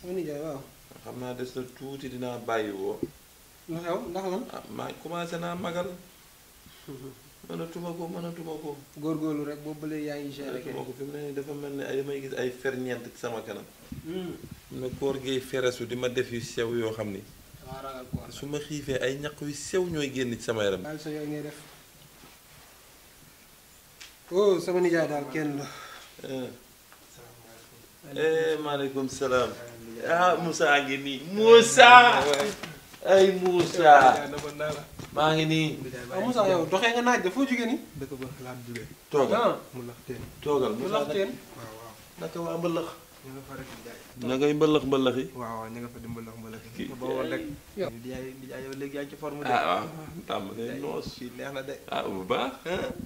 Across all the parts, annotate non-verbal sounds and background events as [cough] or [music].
sama nijaay waaw. xam naa des na tuuti dinaa bàyyi woo. lu xew ndax lan. ah maa commencé naa magal. mënatuma ko mënatuma ko. góorgóorlu rek boobu bële yaa ngi gérer kenn. fi mu ne nii dafa mel ni ay may gis ay fer ci sama kanam. Hmm. ne koor gee feresu di ma def yu sew yoo xam ni. su ma xiifee ay ñaq yu sew ñooy génn ci sama yaram. sa yooyu ngay def. Oh, sama nijaay daal kenn la. Eh. Eh, maaleykum salaam. Ah, Musa gini. Musa. Ay Musa. maa ngi nii. Moussa yow doxee nga naaj foo jógee nii. dëkk ba laat jógee. Togal. mu ten? Togal. toogal mu lax teen. waaw waaw. naka waa mbëllëx. balak nga fa rek di jaay. balak ngay mbëllëx mbëllëx yi. waaw waaw ñu nga fa di mbëllëx mbëllëx yi. ba woon ah waaw tàmbalee noos. fii neex na de. ah bu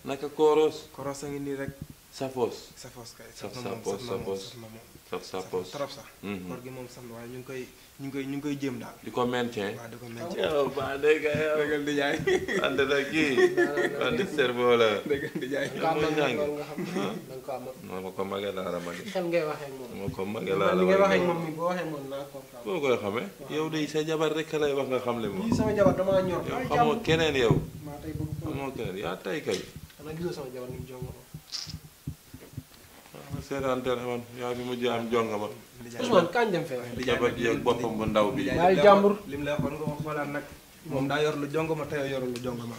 naka kooros. kooros a ngi rek. Safos. Safos kay saf na moom saf na moom saf na moom. saf Safos trop sax. Mhm. koor gi moom saf na waaye ñu ngi koy ñu ngi koy ñu ngi koy jéem daal. di ko maintien waaw di ko maintien. yow maa dégg yow déggal di jaay. [laughs] ànd na kii ànd cerveau la. déggal di jaay. nga xam ne loolu nga xam ne ko amal. ma ko magee laa la ma de. xel ngay waxee moom. ma ko magee laa la ma de li ngay waxee moom mi boo waxee moom naa ko. boo koy xamee. yow de sa jabar rek lay wax nga xam le moom. lii sama jabar damaa ñor. yow xamoo keneen yow. maa tey bëgg ko xamoo keneen yaa tey kay. xanaa gisoo sama jabar ni mu jongo seetaan téléphone yaa fi mujj am jonga ma. Ousmane kañ dem fee. li ak boppam bu ndaw bi. yaa ngi jàmbur lim la waxoon nga moom daa yor lu jonga ma teyoo yorul lu jonga ma.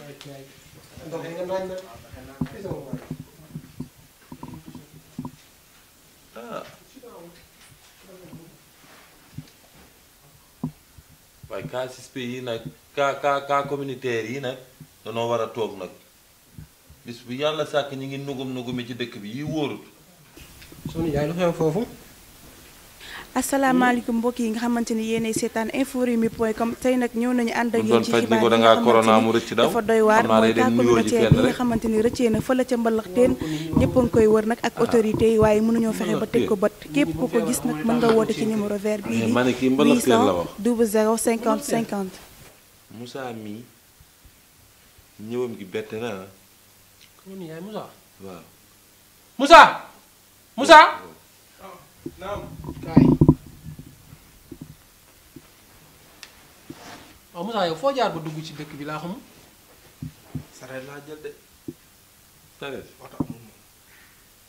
Ah. waaye cas suspect yi nag cas cas yi nag danoo war a toog nag bis bu yàlla sàkk ñi ngi nugum nugumi ci dëkk bi yi wóorut. Soxna Ndiaye lu xew mbokk yi nga xamante ni yéenay seetaan inforewmi point com tey nag ñëw nañu ànd ak yéen ci xibaar yi xamante ni dafa doy waar mooy cas communautaire bi nga xamante ni rëccee ca mbalaxteen ñëpp a ngi koy wër nag ak autorité yi waaye mënuñoo fexe ba teg ko bët képp ku ko gis nag mën nga woote ci numéro vert bii di 800 00 50 50. Moussa mii ñëwam gi bett na ah. Moussa. naam waaw Moussa yow foo jaar ba dugg ci dëkk bi laa xam. sareet laa jël de. sareet oto amul moom.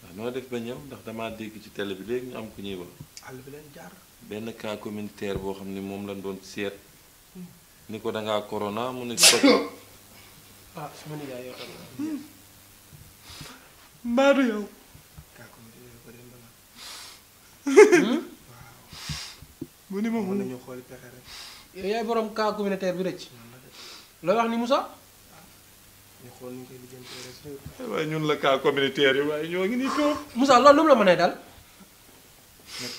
waaw ah, noo def ba ñëw ndax damaa dégg ci télé bi léegi ñu am ku ñuy wax. àll bi leen jaar. benn cas communautaire boo xam ne moom lañ doon seet. Hmm. ni ko dangaa corona mu ne ko. [coughs] ah sama nijaay hmm. yow tam. Mbadou yow. Hmm? mu ni moom mën nañu xooli pexe rek borom cas communautaire bi rëcc looy wax ni Moussa ñu xool ñu koy lijjantee rek waaye ñun la cas communautaire yi ñoo ngi nii toog Moussa loolu lu la mënee dal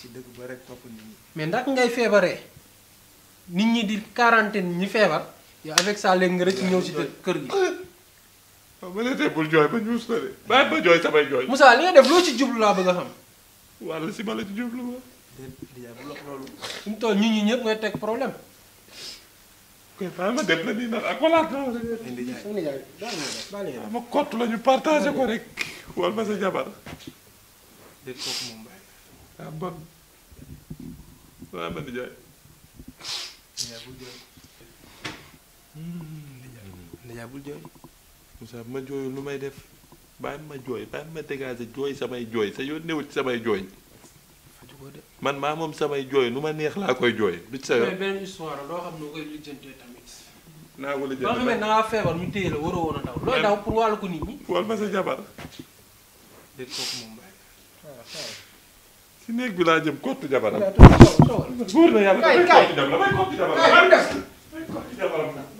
ci ba rek mais ngay nit ñi di quarantaine ñi feebar yow avec ça léegi nga rëcc ñëw si kër gi waaw ah, ma ne bul jooy ba ñuus na de bàyyi li nga def ci jublu bëgg xam wala si bala jublu ma. déedéet bu lox loolu. fi mu toll ñun ñi ñëpp ngay teg problème. kay maa ma def la nii ndax ak walaat naa ma kott la ko rek. wal ma sa jabar. déet kooku moom bàyyi hmm, ma jooyul lu may def. bàyyi ma jooy bàyyi ma dégager jooy samay jooy sa yoon newut samay jooy. man maa moom samay jooy lu ma neex laa koy jooy. du ci sa yoon mais histoire loo xam ne koy lijjantee tamit. naa ko lijjantee ba feebar mu téye la waroo woon a daw. looy daw pour wàllu ko nit ñi. wal ma sa jabar. si néeg bi laa jëm kottu jabaram. wóor na yàlla damay kottu jabaram damay kottu jabaram.